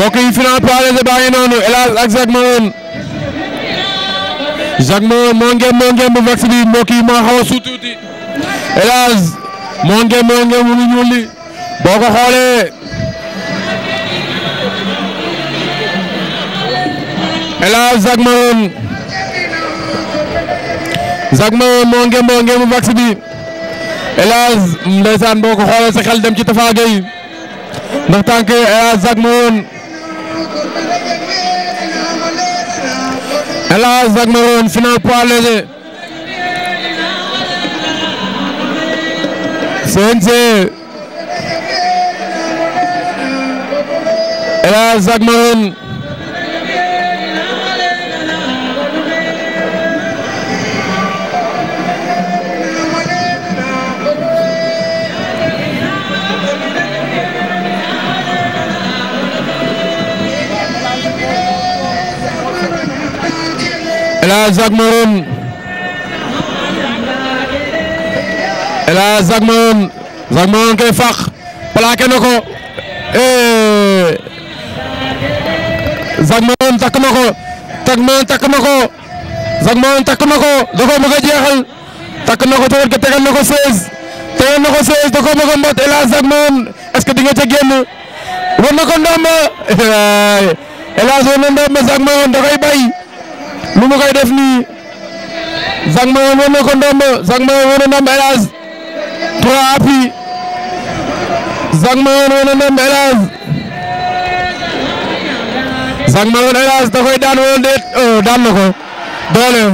mbokk yi final paré baa ngi noonu El Hadj ak Jacques Maone Jacques Maone moo ngeen moo ngeen bu vax bi mbokk yi moo xaw a suut tuuti El Hadj moo ngeen moo ngeen bu ñuul li boo ko xoolee El Hadj Jacques Maone Jacques Maone moo ngeen moo ngeen bu vax bi El Hadj ndeysaan boo ko xoolee sa xel dem ci Tafa Gueye ndax tànk El Hadj Jacques Maone El Hadj Zak Maroon final poids léger. CNG. El Hadj Zak Maroon. El Hadj Zack Marone El Hadj Zack Marone Zack ko Zack takk na takk na ko takk na ko da jeexal takk na ko tamit tegal na ko 16 tegal na ko 16 da koo bëgg a mbot que di nga ca génn war na ko ndomba El Hadj war bay. lu mu koy def nii Zack Mayon woon na ko ndomb Zack Mayon woon na ndomb El Hadj trois appuis Zack Mayon woon na ndomb El Hadj Zack Mayon El Hadj da koy daan wala déet oh daan na doole.